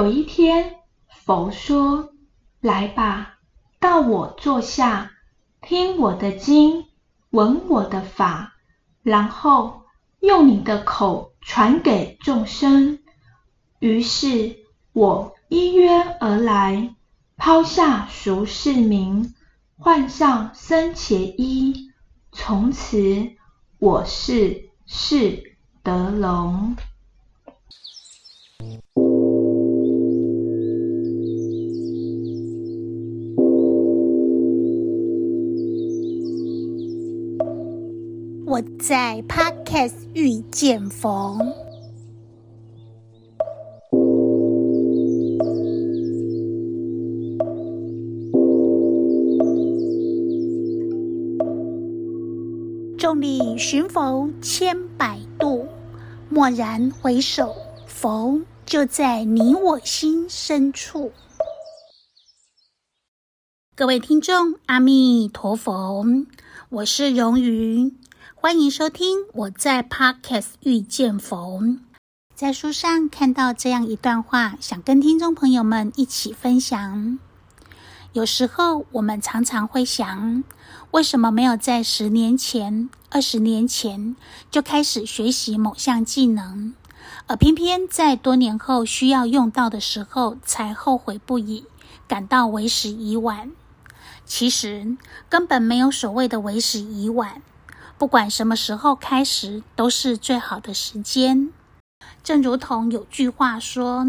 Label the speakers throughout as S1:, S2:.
S1: 有一天，佛說：“來吧，到我座下，聽我的經，聞我的法，然後用你的口傳給眾生。”於是，我依約而來，拋下俗世名，換上僧伽衣，從此我是釋德容。
S2: 我在 Podcast 遇見佛，眾裡尋佛千百度，驀然回首，佛就在你我心深處。各位聽眾，阿彌陀佛，我是榮雲。歡迎收聽我在 Podcast 遇見佛，在書上看到這樣一段話，想跟聽眾朋友們一起分享。有時候我們常常會想，為什麼沒有在十年前、二十年前就開始學習某項技能，而偏偏在多年後需要用到的時候，才後悔不已，感到為時已晚。其實根本沒有所謂的為時已晚。不管什麼時候開始，都是最好的時間。正如同有句話說：“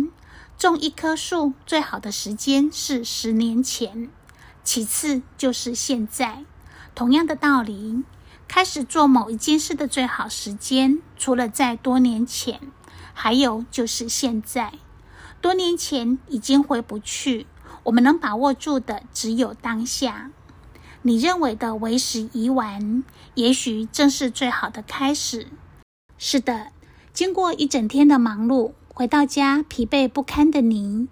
S2: 種一棵樹，最好的時間是十年前，其次就是現在。”同樣的道理，開始做某一件事的最好時間，除了在多年前，還有就是現在。多年前已經回不去，我們能把握住的只有當下。你認為的為時已晚，也許正是最好的開始。是的，經過一整天的忙碌，回到家疲憊不堪的你，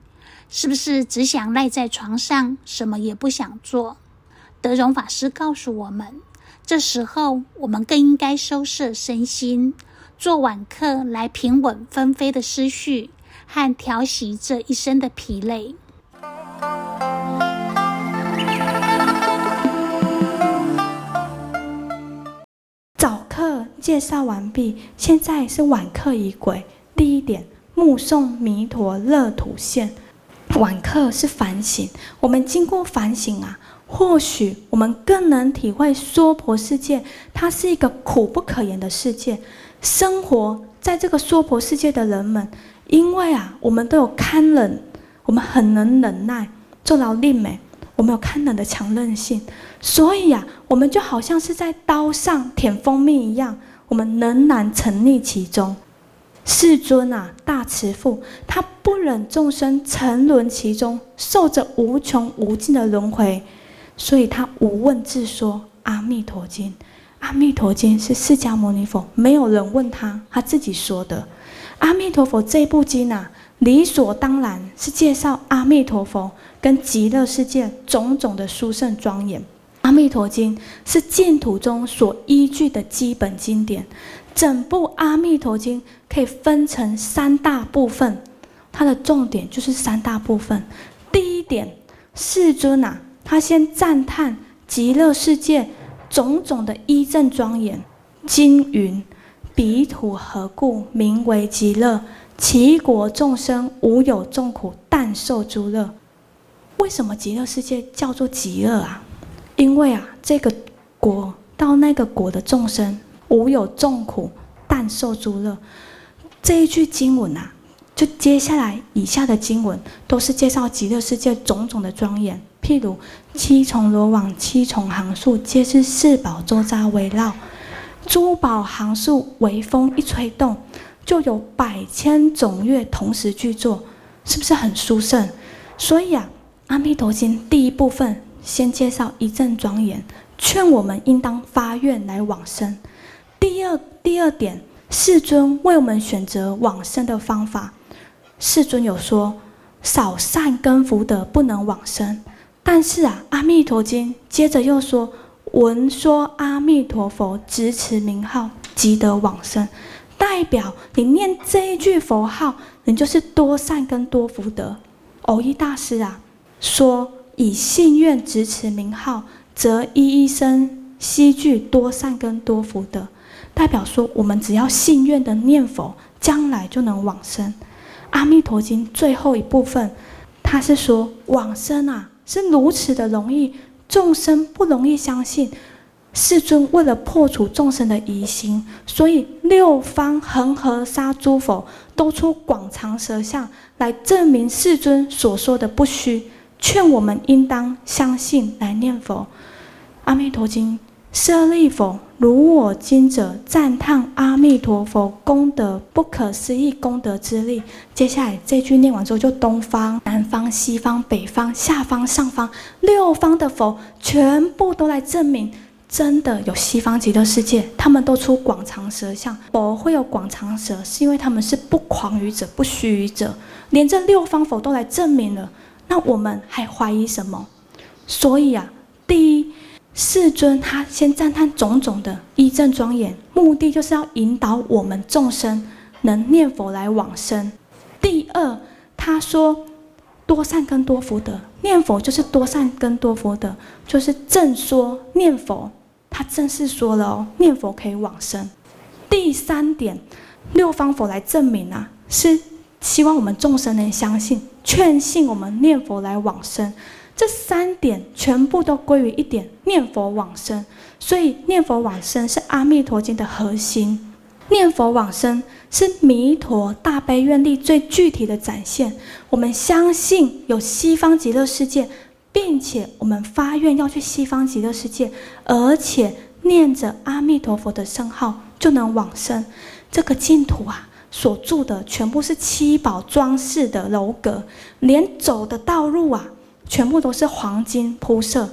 S2: 是不是只想賴在床上，什麼也不想做？德容法師告訴我們，這時候我們更應該收攝身心，做晚課來平穩紛飛的思緒和調息這一身的疲累。
S1: 介紹完畢，現在是晚課儀軌。第一點，目送彌陀樂土現。晚課是反省，我們經過反省啊，或許我們更能體會娑婆世界，它是一個苦不可言的世界。生活在這個娑婆世界的人們，因為啊，我們都有堪忍，我們很能忍耐，做到力美，我們有堪忍的強韌性，所以啊，我們就好像是在刀上舔蜂蜜一樣。我們仍然沉溺其中，世尊啊，大慈父，他不忍眾生沉淪其中，受着無窮無盡的輪迴，所以他無問自說《阿彌陀經》。《阿彌陀經》是釋迦牟尼佛，沒有人問他，他自己說的。《阿彌陀佛》這部經啊，理所當然是介紹阿彌陀佛跟極樂世界種種的殊勝莊嚴。阿彌陀經是淨土宗所依據的基本經典，整部阿彌陀經可以分成三大部分，它的重點就是三大部分。第一點，世尊啊，他先讚歎極樂世界種種的依正莊嚴。經云：彼土何故名為極樂？其國眾生無有眾苦，但受諸樂。為什麼極樂世界叫做極樂啊？因為啊，這個國到那個國的眾生無有眾苦，但受諸樂。這一句經文啊，就接下來以下的經文都是介紹極樂世界種種的莊嚴，譬如七重羅網、七重行樹，皆是四寶周匝圍繞。珠寶行樹，微風一吹動，就有百千種樂同時具作，是不是很殊勝？所以啊，《阿彌陀經》第一部分。先介紹依正莊嚴，勸我們應當發願來往生。第二，第二點，世尊為我們選擇往生的方法。世尊有說，少善根福德不能往生。但是啊，阿彌陀經接着又說，聞說阿彌陀佛，執持名號，即得往生。代表你念這一句佛號，你就是多善根多福德。藕益大師啊，說。以信願執持名號，則一一生悉具多善根多福德，代表說我們只要信願的念佛，將來就能往生。《阿彌陀經》最後一部分，他是說往生啊是如此的容易，眾生不容易相信。世尊為了破除眾生的疑心，所以六方恆河沙諸佛都出廣長舌相來證明世尊所說的不虛。勸我們應當相信來念佛，阿彌陀經，舍利弗，如我今者讚歎阿彌陀佛功德不可思議，功德之力。接下來這句念完之後，就東方、南方、西方、北方、下方、上方六方的佛，全部都來證明，真的有西方極樂世界，他們都出廣長舌相。佛會有廣長舌，是因為他們是不誑語者、不虛語者，連這六方佛都來證明了。那我們還懷疑什麼？所以啊，第一，世尊他先讚嘆種種的依正莊嚴，目的就是要引導我們眾生能念佛來往生。第二，他說多善根多福德，念佛就是多善根多福德，就是正說念佛，他正式說了哦，念佛可以往生。第三點，六方佛來證明啊，是。希望我們眾生能相信、勸信我們念佛來往生，這三點全部都歸於一點，念佛往生。所以念佛往生是阿彌陀經的核心，念佛往生是彌陀大悲願力最具體的展現。我們相信有西方極樂世界，並且我們發願要去西方極樂世界，而且念着阿彌陀佛的聖號就能往生這個淨土啊。所住的全部是七寶裝飾的樓閣，連走的道路啊，全部都是黃金鋪設。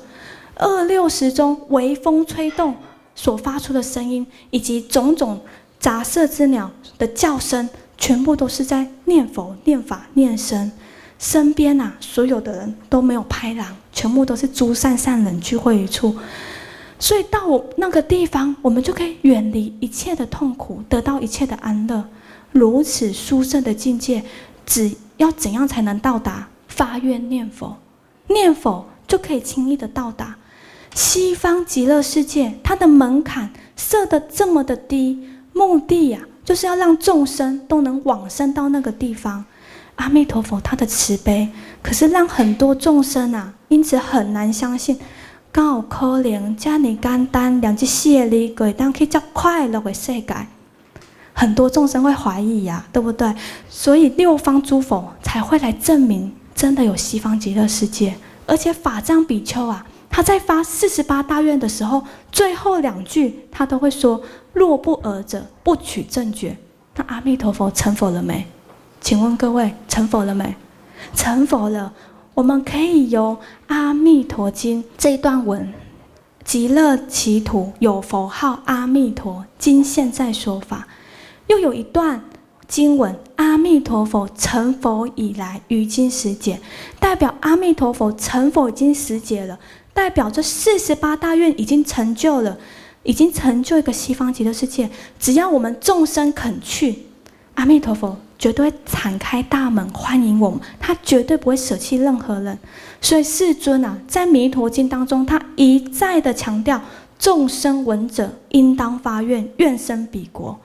S1: 二六時中微風吹動所發出的聲音，以及種種雜色之鳥的叫聲，全部都是在念佛、念法、念僧。身邊啊，所有的人都沒有拍狼，全部都是諸善善人俱會於處。所以到那個地方，我們就可以遠離一切的痛苦，得到一切的安樂。如此殊勝的境界，只要怎樣才能到達？發願念佛，念佛就可以輕易的到達西方極樂世界。它的門檻設得這麼的低，目的呀、啊、就是要讓眾生都能往生到那個地方。阿彌陀佛，他的慈悲，可是讓很多眾生啊，因此很難相信。高可憐，加尼簡單兩只謝禮，鬼會可以較快樂個世界。很多眾生會懷疑呀、啊，對不對？所以六方諸佛才會來證明，真的有西方極樂世界。而且法藏比丘啊，他在發四十八大願的時候，最後兩句他都會說：“若不爾者，不取正覺。”那阿彌陀佛成佛了沒？請問各位，成佛了沒？成佛了，我們可以由《阿彌陀經》這一段文：“極樂其土有佛號阿彌陀，今現在說法。”又有一段經文：“阿彌陀佛成佛以來，於今十劫，代表阿彌陀佛成佛已經十劫了，代表這四十八大願已經成就了，已經成就一個西方極樂世界。只要我們眾生肯去，阿彌陀佛絕對敞開大門歡迎我們，他絕對不會捨棄任何人。所以世尊啊，在《彌陀經》當中，他一再的強調：眾生聞者，應當發願，願生彼國。”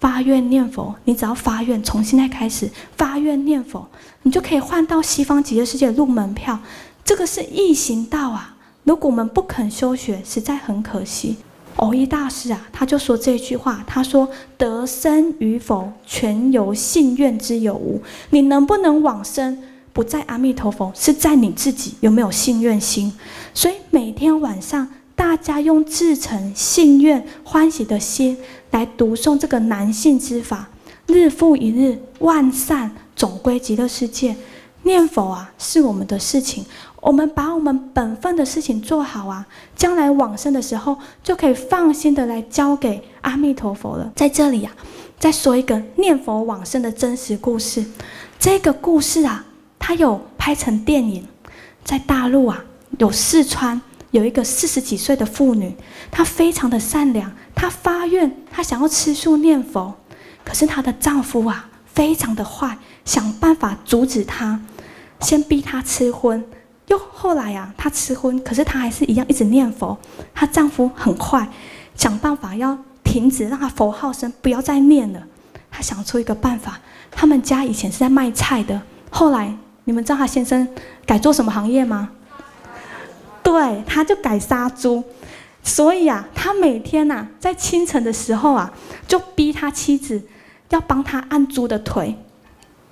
S1: 發願念佛，你只要發願，從現在開始發願念佛，你就可以換到西方極樂世界入門票。這個是易行道啊！如果我們不肯修學，實在很可惜。藕益大師啊，他就說這句話：他說，得生與否，全由信願之有無。你能不能往生，不在阿彌陀佛，是在你自己有沒有信願心。所以每天晚上，大家用至誠信願歡喜的心。來讀誦這個男性之法，日復一日，萬善總歸極樂世界。念佛啊，是我們的事情，我們把我們本分的事情做好啊，將來往生的時候就可以放心的來交給阿彌陀佛了。在這裡啊，再說一個念佛往生的真實故事，這個故事啊，它有拍成電影，在大陸啊，有四川。有一個四十幾歲的婦女，她非常的善良，她發願，她想要吃素念佛，可是她的丈夫啊，非常的壞，想辦法阻止她，先逼她吃葷，又後來呀，她吃葷，可是她還是一樣一直念佛，她丈夫很壞，想辦法要停止讓她佛號聲不要再念了，她想出一個辦法，他們家以前是在賣菜的，後來你們知道她先生改做什麼行業嗎？對，他就改殺豬，所以啊，他每天吶、啊、在清晨的時候啊，就逼他妻子要幫他按豬的腿。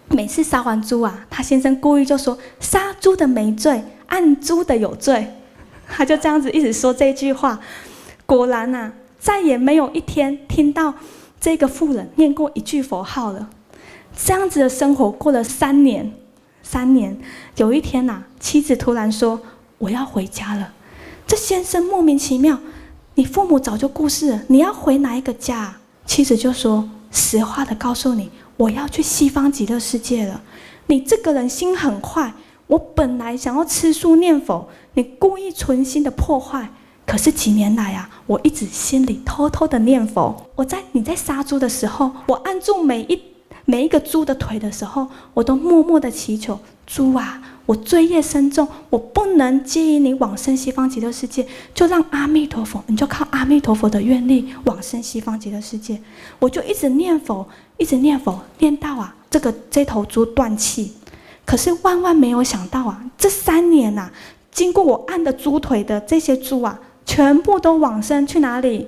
S1: 每次殺完豬啊，他先生故意就說：“殺豬的沒罪，按豬的有罪。”他就這樣子一直說這句話。果然吶、啊，再也沒有一天聽到這個婦人念過一句佛號了。這樣子的生活過了三年，三年，有一天吶、啊，妻子突然說。我要回家了。這先生莫名其妙你父母早就故世，你要回哪一個家？妻子就說：“實話的告訴你，我要去西方極樂世界了。你這個人心很壞，我本來想要吃素念佛，你故意存心的破壞。可是幾年來啊，我一直心裡偷偷的念佛。我在你在殺豬的時候，我按住每一每一個豬的腿的時候，我都默默的祈求豬啊。”我罪業深重，我不能接引你往生西方極樂世界，就讓阿彌陀佛，你就靠阿彌陀佛的願力往生西方極樂世界。我就一直念佛，一直念佛，念到啊，這個這頭豬斷氣。可是萬萬沒有想到啊，這三年吶啊，經過我按的豬腿的這些豬啊，全部都往生去哪裡？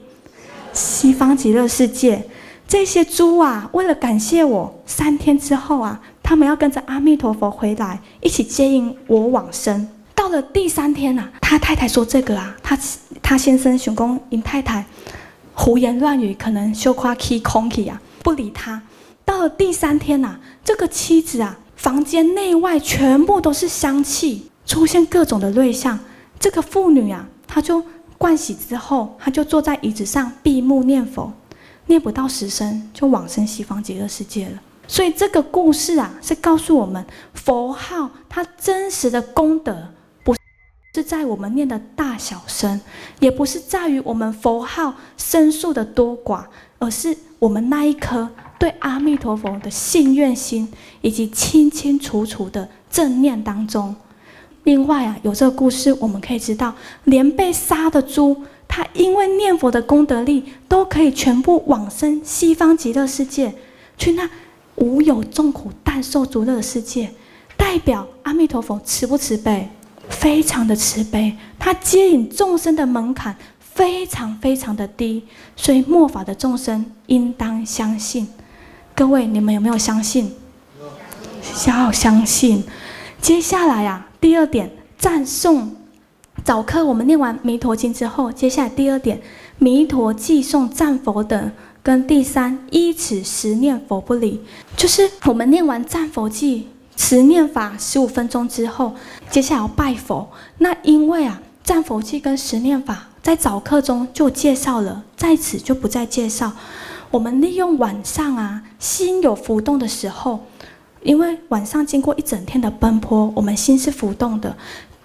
S1: 西方極樂世界。這些豬啊，為了感謝我，三天之後啊。他們要跟着阿彌陀佛回來，一起接引我往生。到了第三天吶、啊，他太太說這個啊，他他先生熊公因太太胡言亂語，可能羞誇欺空氣啊，不理他。到了第三天吶、啊，這個妻子啊，房間內外全部都是香氣，出現各種的瑞相。這個婦女啊，她就盥洗之後，她就坐在椅子上閉目念佛，念不到十聲就往生西方極樂世界了。所以這個故事啊，是告訴我們佛號它真實的功德，不是在我們念的大小聲，也不是在於我們佛號聲數的多寡，而是我們那一顆對阿彌陀佛的信願心，以及清清楚楚的正念當中。另外啊，有這個故事，我們可以知道，連被殺的豬，它因為念佛的功德力，都可以全部往生西方極樂世界，去那。無有眾苦但受諸樂的世界，代表阿彌陀佛慈不慈悲？非常的慈悲，他接引眾生的門檻非常非常的低，所以末法的眾生應當相信。各位，你們有沒有相信？想要、嗯、相信。接下來呀、啊，第二點讚頌早課，我們念完《彌陀經》之後，接下來第二點，彌陀偈頌讚佛等。跟第三依此十念佛不離，就是我們念完讚佛偈十念法十五分鐘之後，接下來要拜佛。那因為啊，讚佛偈跟十念法在早課中就介紹了，在此就不再介紹。我們利用晚上啊，心有浮動的時候，因為晚上經過一整天的奔波，我們心是浮動的。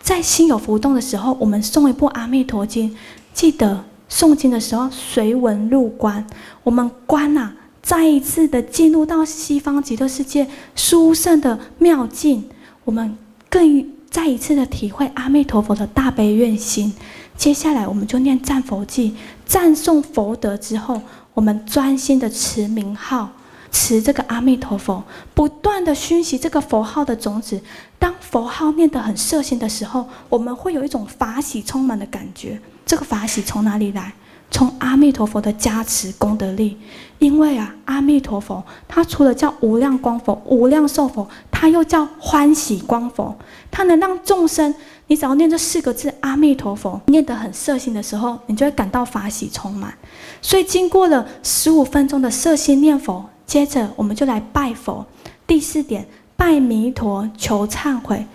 S1: 在心有浮動的時候，我們誦一部阿彌陀經，記得。誦經的時候隨文入觀，我們觀啊，再一次的進入到西方極樂世界殊勝的妙境，我們更再一次的體會阿彌陀佛的大悲願心。接下來我們就念讚佛偈，贊頌佛德之後，我們專心的持名號，持這個阿彌陀佛，不斷的熏習這個佛號的種子。當佛號念得很攝心的時候，我們會有一種法喜充滿的感覺。這個法喜從哪裡來？從阿彌陀佛的加持功德力。因為啊，阿彌陀佛他除了叫無量光佛、無量壽佛，他又叫歡喜光佛，他能讓眾生。你只要念這四個字“阿彌陀佛”，念得很攝心的時候，你就會感到法喜充滿。所以，經過了十五分鐘的攝心念佛，接着我們就來拜佛。第四點，拜彌陀求懺悔。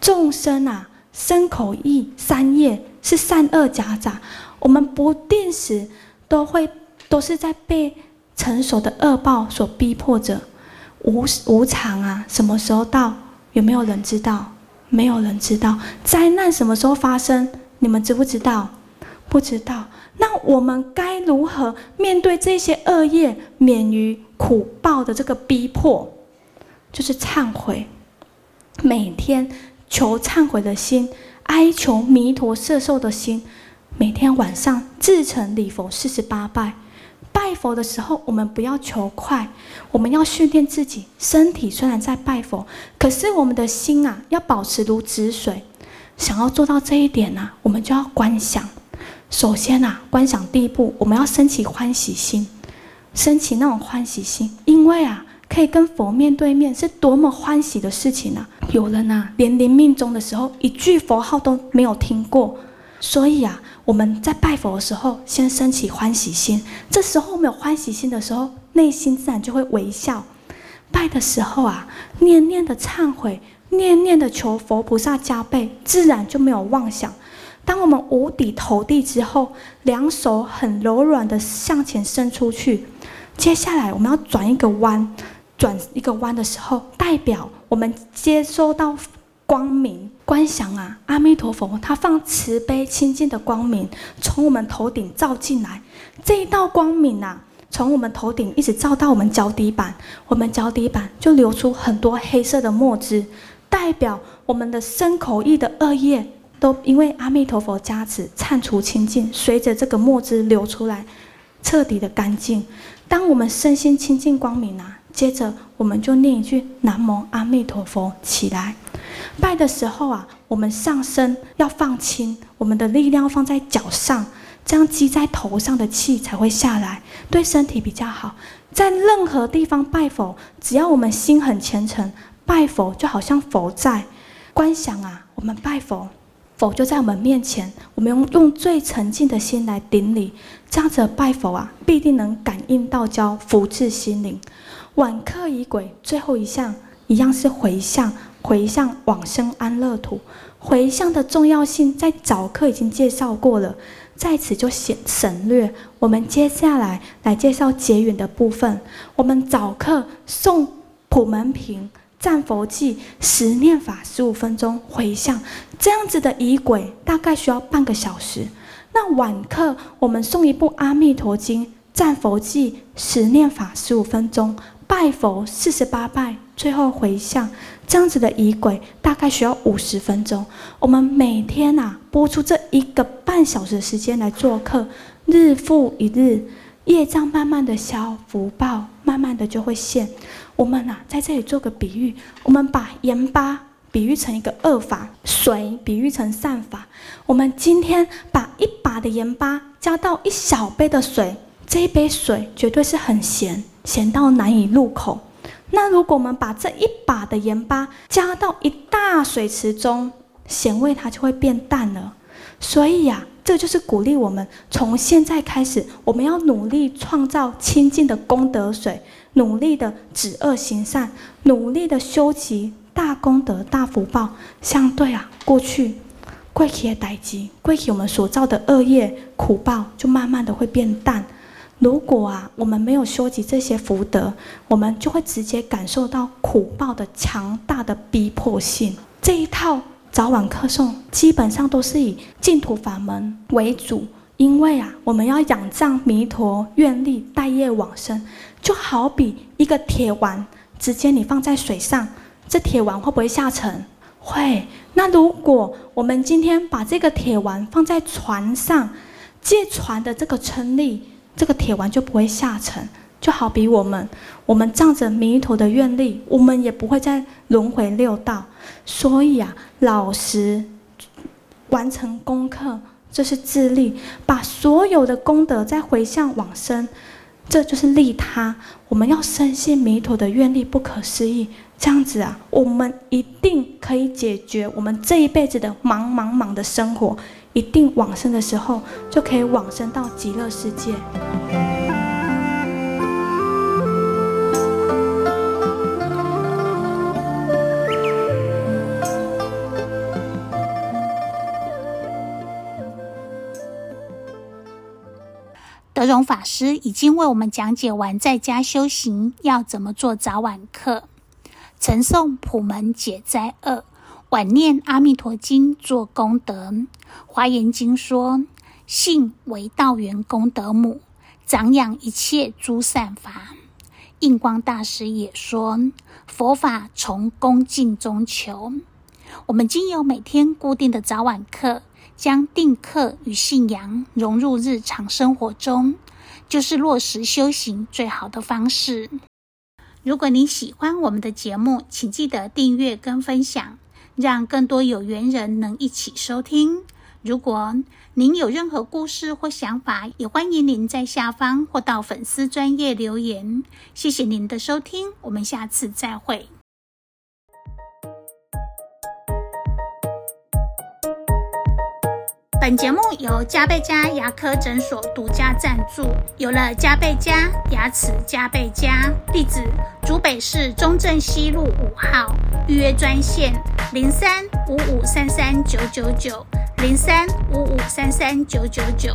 S1: 眾生啊，身口意三業，是善惡夾雜，我們不定時都會都是在被成熟的惡報所逼迫着，無無常啊，什麼時候到？有沒有人知道？沒有人知道，災難什麼時候發生？你們知不知道？不知道。那我們該如何面對這些惡業，免於苦報的這個逼迫？就是懺悔，每天求懺悔的心。哀求彌陀攝受的心，每天晚上至誠禮佛四十八拜。拜佛的時候，我們不要求快，我們要訓練自己，身體雖然在拜佛，可是我們的心啊，要保持如止水。想要做到這一點啊，我們就要觀想。首先啊，觀想第一步，我們要升起歡喜心，升起那種歡喜心，因為啊。可以跟佛面對面，是多麼歡喜的事情啊！有人啊，連臨命終的時候一句佛號都沒有聽過，所以啊，我們在拜佛的時候，先升起歡喜心。這時候我們有歡喜心的時候，內心自然就會微笑。拜的時候啊，念念的懺悔，念念的求佛菩薩加被，自然就沒有妄想。當我們五體投地之後，兩手很柔軟的向前伸出去，接下來我們要轉一個彎。轉一個彎的時候，代表我們接收到光明觀想啊，阿彌陀佛，他放慈悲清淨的光明從我們頭頂照進來，這一道光明啊，從我們頭頂一直照到我們腳底板，我們腳底板就流出很多黑色的墨汁，代表我們的身口意的惡業都因為阿彌陀佛加持懺除清淨，隨着這個墨汁流出來，徹底的乾淨。當我們身心清淨光明啊。接着，我們就念一句“南無阿彌陀佛”起來。拜的時候啊，我們上身要放輕，我們的力量放在腳上，這樣積在頭上的氣才會下來，對身體比較好。在任何地方拜佛，只要我們心很虔誠，拜佛就好像佛在，觀想啊，我們拜佛，佛就在我們面前，我們用用最誠敬的心來頂禮，這樣子的拜佛啊，必定能感應道交福至心靈。晚課儀軌最後一項一樣是回向，回向往生安樂土。回向的重要性在早課已經介紹過了，在此就省省略。我們接下來來介紹結緣的部分。我們早課誦《普門品》、《讚佛偈》、十念法、十五分鐘回向，這樣子的儀軌大概需要半個小時。那晚課我們誦一部《阿彌陀經》、《讚佛偈》、十念法、十五分鐘。拜佛四十八拜，最後回向，這樣子的儀軌大概需要五十分鐘。我們每天吶、啊、撥出這一個半小時的時間來做課，日復一日，業障慢慢的消，福報慢慢的就會現。我們吶、啊、在這裡做個比喻，我們把鹽巴比喻成一個惡法，水比喻成善法。我們今天把一把的鹽巴加到一小杯的水，這一杯水絕對是很鹹。鹹到難以入口。那如果我們把這一把的鹽巴加到一大水池中，鹹味它就會變淡了。所以呀、啊，這就是鼓勵我們從現在開始，我們要努力創造清淨的功德水，努力的止惡行善，努力的修集大功德、大福報。相對啊，過去貴去也歹積，貴去我們所造的惡業苦報，就慢慢的會變淡。如果啊，我們沒有修集這些福德，我們就會直接感受到苦報的強大的逼迫性。這一套早晚課誦基本上都是以淨土法門為主，因為啊，我們要仰仗彌陀願力帶業往生。就好比一個鐵丸，直接你放在水上，這鐵丸會不會下沉？會。那如果我們今天把這個鐵丸放在船上，借船的這個稱力。這個鐵丸就不會下沉，就好比我們，我們仗着彌陀的願力，我們也不會再輪迴六道。所以啊，老實完成功課，這是自利，把所有的功德再回向往生，這就是利他。我們要深信彌陀的願力不可思議，這樣子啊，我們一定可以解決我們這一輩子的忙忙忙的生活。一定往生的時候，就可以往生到極樂世界。
S2: 德容法師已經為我們講解完在家修行要怎麼做早晚課，晨誦《普門解災二》。晚念《阿彌陀經》做功德，《華嚴經》說：“信為道元，功德母，長養一切諸善法。”印光大師也說：“佛法從恭敬中求。”我們經由每天固定的早晚課，將定課與信仰融入日常生活中，就是落實修行最好的方式。如果你喜歡我們的節目，請記得訂閱跟分享。讓更多有緣人能一起收聽，如果您有任何故事或想法，也歡迎您在下方或到粉絲專頁留言。謝謝您的收聽，我們下次再會。本節目由嘉貝嘉牙科診所獨家贊助。有了嘉貝嘉，牙齒嘉貝嘉。地址：竹北市中正西路五號。預約專線：零三五五三三九九九，零三五五三三九九九。